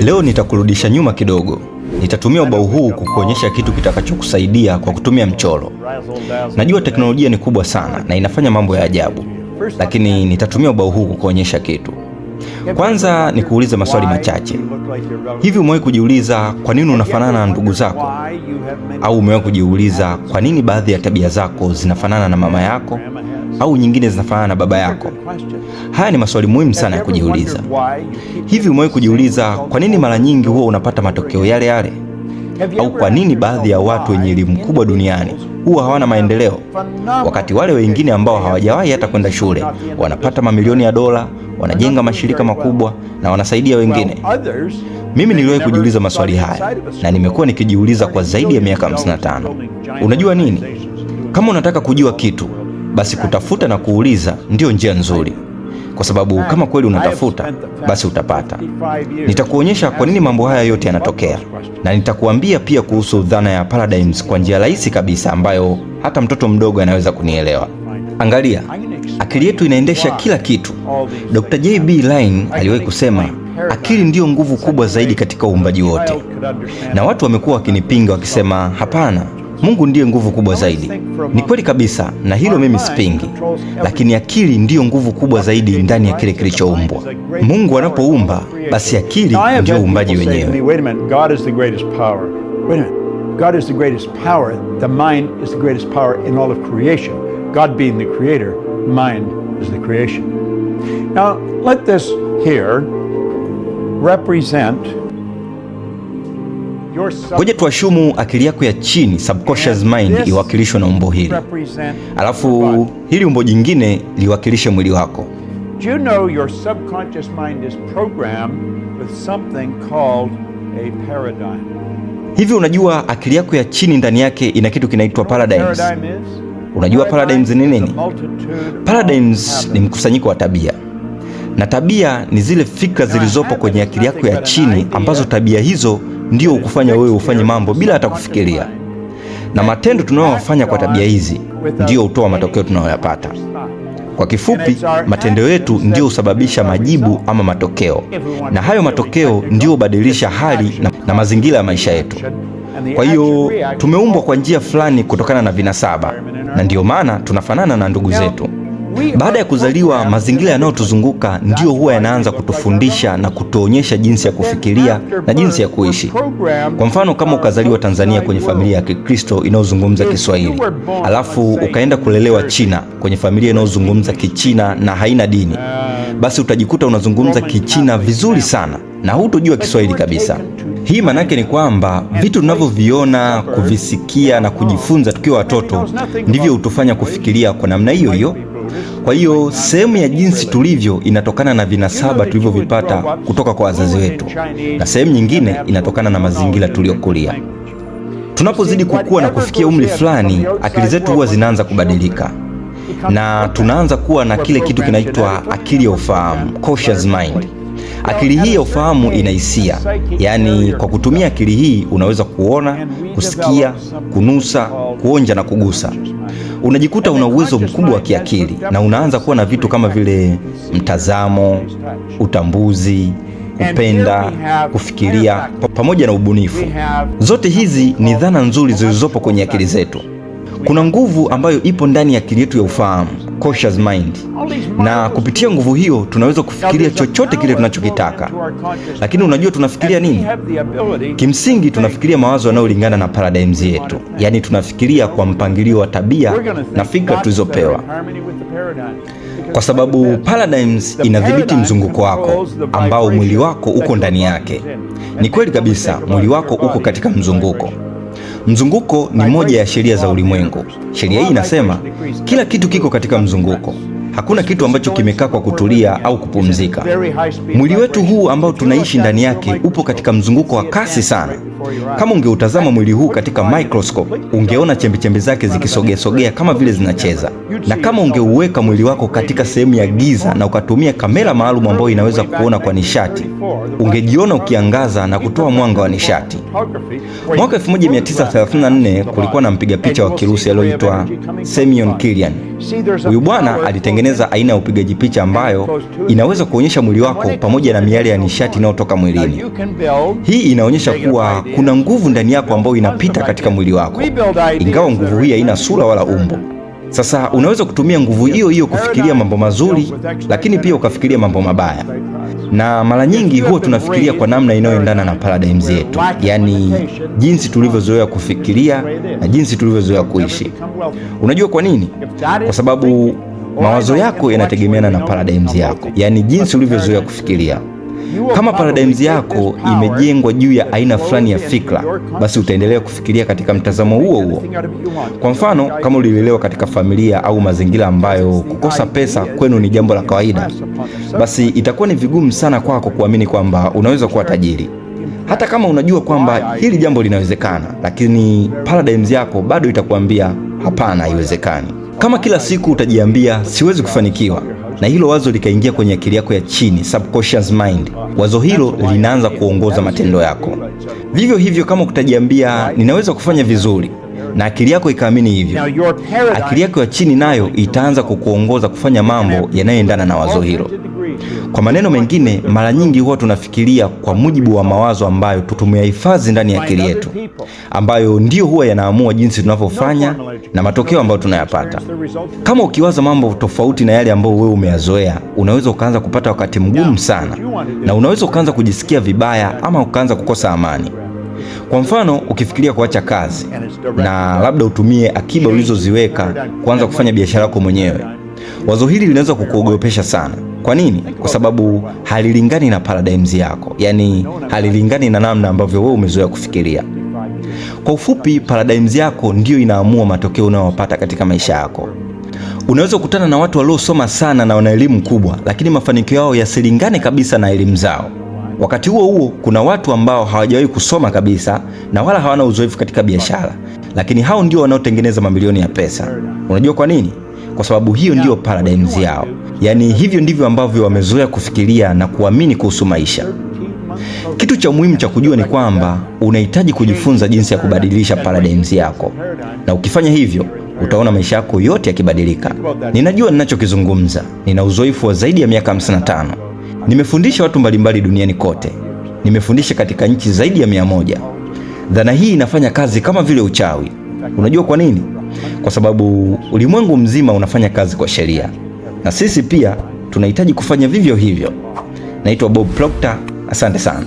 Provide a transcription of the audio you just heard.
Leo nitakurudisha nyuma kidogo. Nitatumia ubao huu kukuonyesha kitu kitakachokusaidia kwa kutumia mchoro. Najua teknolojia ni kubwa sana na inafanya mambo ya ajabu, lakini nitatumia ubao huu kukuonyesha kitu. Kwanza ni kuuliza maswali machache. Hivi umewahi kujiuliza kwa nini unafanana na ndugu zako? Au umewahi kujiuliza kwa nini baadhi ya tabia zako zinafanana na mama yako? au nyingine zinafanana na baba yako? Haya ni maswali muhimu sana ya kujiuliza. Hivi umewahi kujiuliza kwa nini mara nyingi huwa unapata matokeo yale yale, au kwa nini baadhi ya watu wenye elimu kubwa duniani huwa hawana maendeleo, wakati wale wengine ambao hawajawahi hata kwenda shule wanapata mamilioni ya dola, wanajenga mashirika makubwa na wanasaidia wengine? Mimi niliwahi kujiuliza maswali haya na nimekuwa nikijiuliza kwa zaidi ya miaka 55. Unajua nini? Kama unataka kujua kitu basi kutafuta na kuuliza ndiyo njia nzuri, kwa sababu kama kweli unatafuta basi utapata. Nitakuonyesha kwa nini mambo haya yote yanatokea, na nitakuambia pia kuhusu dhana ya paradigms kwa njia rahisi kabisa ambayo hata mtoto mdogo anaweza kunielewa. Angalia, akili yetu inaendesha kila kitu. Dr. JB Line aliwahi kusema akili ndiyo nguvu kubwa zaidi katika uumbaji wote, na watu wamekuwa wakinipinga wakisema, hapana Mungu ndiye nguvu kubwa zaidi. Ni kweli kabisa, na hilo mimi sipingi, lakini akili ndiyo nguvu kubwa zaidi ndani ya kile kilichoumbwa. Mungu anapoumba, basi akili ndiyo uumbaji wenyewe. Now, let this here represent Ngoja tuwashumu akili yako ya chini subconscious mind iwakilishwe na umbo hili, alafu hili umbo jingine liwakilishe mwili wako. You know your subconscious mind is programmed with something called a paradigm. Hivi unajua akili yako ya chini ndani yake ina kitu kinaitwa paradigms. Unajua paradigms ni nini? Paradigms ni mkusanyiko wa tabia na tabia ni zile fikra zilizopo kwenye akili yako ya chini ambazo tabia hizo ndio hukufanya wewe ufanye mambo bila hata kufikiria, na matendo tunayofanya kwa tabia hizi ndiyo hutoa matokeo tunayoyapata. Kwa kifupi, matendo yetu ndiyo husababisha majibu ama matokeo, na hayo matokeo ndiyo hubadilisha hali na, na mazingira ya maisha yetu. Kwa hiyo tumeumbwa kwa njia fulani kutokana na vinasaba, na ndiyo maana tunafanana na ndugu zetu. Baada ya kuzaliwa, mazingira yanayotuzunguka ndiyo huwa yanaanza kutufundisha na kutuonyesha jinsi ya kufikiria na jinsi ya kuishi. Kwa mfano, kama ukazaliwa Tanzania kwenye familia ya Kikristo inayozungumza Kiswahili, alafu ukaenda kulelewa China kwenye familia inayozungumza Kichina na haina dini, basi utajikuta unazungumza Kichina vizuri sana na hutojua Kiswahili kabisa. Hii maanake ni kwamba vitu tunavyoviona, kuvisikia na kujifunza tukiwa watoto ndivyo hutufanya kufikiria kwa namna hiyo hiyo. Kwa hiyo sehemu ya jinsi tulivyo inatokana na vinasaba tulivyovipata kutoka kwa wazazi wetu, na sehemu nyingine inatokana na mazingira tuliyokulia. Tunapozidi kukua na kufikia umri fulani, akili zetu huwa zinaanza kubadilika na tunaanza kuwa na kile kitu kinaitwa akili ya ufahamu, conscious mind. Akili hii ya ufahamu ina hisia, yaani kwa kutumia akili hii unaweza kuona, kusikia, kunusa, kuonja na kugusa unajikuta una uwezo mkubwa wa kiakili na unaanza kuwa na vitu kama vile mtazamo, utambuzi, kupenda, kufikiria pamoja na ubunifu. Zote hizi ni dhana nzuri zilizopo kwenye akili zetu. Kuna nguvu ambayo ipo ndani ya akili yetu ya ufahamu conscious mind, na kupitia nguvu hiyo tunaweza kufikiria chochote kile tunachokitaka. Lakini unajua tunafikiria nini? Kimsingi tunafikiria mawazo yanayolingana na paradigms yetu, yaani tunafikiria kwa mpangilio wa tabia na fikra tulizopewa, kwa sababu paradigms inadhibiti mzunguko wako ambao mwili wako uko ndani yake. Ni kweli kabisa, mwili wako uko katika mzunguko Mzunguko ni moja ya sheria za ulimwengu. Sheria hii inasema kila kitu kiko katika mzunguko. Hakuna kitu ambacho kimekaa kwa kutulia au kupumzika. Mwili wetu huu ambao tunaishi ndani yake upo katika mzunguko wa kasi sana. Kama ungeutazama mwili huu katika microscope, ungeona chembechembe zake zikisogeasogea kama vile zinacheza, na kama ungeuweka mwili wako katika sehemu ya giza na ukatumia kamera maalum ambayo inaweza kuona kwa nishati, ungejiona ukiangaza na kutoa mwanga wa nishati. Mwaka 1934 kulikuwa na mpiga picha wa Kirusi aliyoitwa Semyon Kilian. Huyu bwana alitengeneza aina ya upigaji picha ambayo inaweza kuonyesha mwili wako pamoja na miale ya nishati inayotoka mwilini. Hii inaonyesha kuwa kuna nguvu ndani yako ambayo inapita katika mwili wako, ingawa nguvu hii haina sura wala umbo. Sasa unaweza kutumia nguvu hiyo hiyo kufikiria mambo mazuri, lakini pia ukafikiria mambo mabaya, na mara nyingi huwa tunafikiria kwa namna inayoendana na paradigm yetu, yaani jinsi tulivyozoea kufikiria na jinsi tulivyozoea kuishi. Unajua kwa nini? Kwa sababu mawazo yako yanategemeana na paradigms yako, yaani jinsi ulivyozoea kufikiria. Kama paradigms yako imejengwa juu ya aina fulani ya fikra, basi utaendelea kufikiria katika mtazamo huo huo. Kwa mfano, kama ulilelewa katika familia au mazingira ambayo kukosa pesa kwenu ni jambo la kawaida, basi itakuwa ni vigumu sana kwako kuamini kwamba unaweza kuwa tajiri hata kama unajua kwamba hili jambo linawezekana, lakini paradigms yako bado itakuambia hapana, haiwezekani. Kama kila siku utajiambia siwezi kufanikiwa, na hilo wazo likaingia kwenye akili yako ya chini, subconscious mind. Wazo hilo linaanza kuongoza matendo yako. Vivyo hivyo, kama kutajiambia ninaweza kufanya vizuri na akili yako ikaamini hivyo, akili yako ya chini nayo itaanza kukuongoza kufanya mambo yanayoendana na wazo hilo. Kwa maneno mengine, mara nyingi huwa tunafikiria kwa mujibu wa mawazo ambayo tumeyahifadhi ndani ya akili yetu, ambayo ndiyo huwa yanaamua jinsi tunavyofanya na matokeo ambayo tunayapata. Kama ukiwaza mambo tofauti na yale ambayo wewe umeyazoea, unaweza ukaanza kupata wakati mgumu sana, na unaweza ukaanza kujisikia vibaya ama ukaanza kukosa amani. Kwa mfano, ukifikiria kuacha kazi na labda utumie akiba ulizoziweka kuanza kufanya biashara yako mwenyewe, wazo hili linaweza kukuogopesha sana. Kwa nini? Kwa sababu halilingani na paradigms yako, yaani halilingani na namna ambavyo wewe umezoea kufikiria. Kwa ufupi, paradigms yako ndiyo inaamua matokeo unayopata katika maisha yako. Unaweza kukutana na watu waliosoma sana na wana elimu kubwa, lakini mafanikio yao yasilingane kabisa na elimu zao. Wakati huo huo, kuna watu ambao hawajawahi kusoma kabisa na wala hawana uzoefu katika biashara, lakini hao ndio wanaotengeneza mamilioni ya pesa. Unajua kwa nini? Kwa sababu hiyo ndiyo paradigms yao. Yaani hivyo ndivyo ambavyo wamezoea kufikiria na kuamini kuhusu maisha. Kitu cha muhimu cha kujua ni kwamba unahitaji kujifunza jinsi ya kubadilisha paradigms yako, na ukifanya hivyo utaona maisha yako yote yakibadilika. Ninajua ninachokizungumza, nina uzoefu wa zaidi ya miaka 55. Nimefundisha watu mbalimbali duniani kote, nimefundisha katika nchi zaidi ya mia moja. Dhana hii inafanya kazi kama vile uchawi. Unajua kwa nini? Kwa sababu ulimwengu mzima unafanya kazi kwa sheria na sisi pia tunahitaji kufanya vivyo hivyo. Naitwa Bob Proctor, asante sana.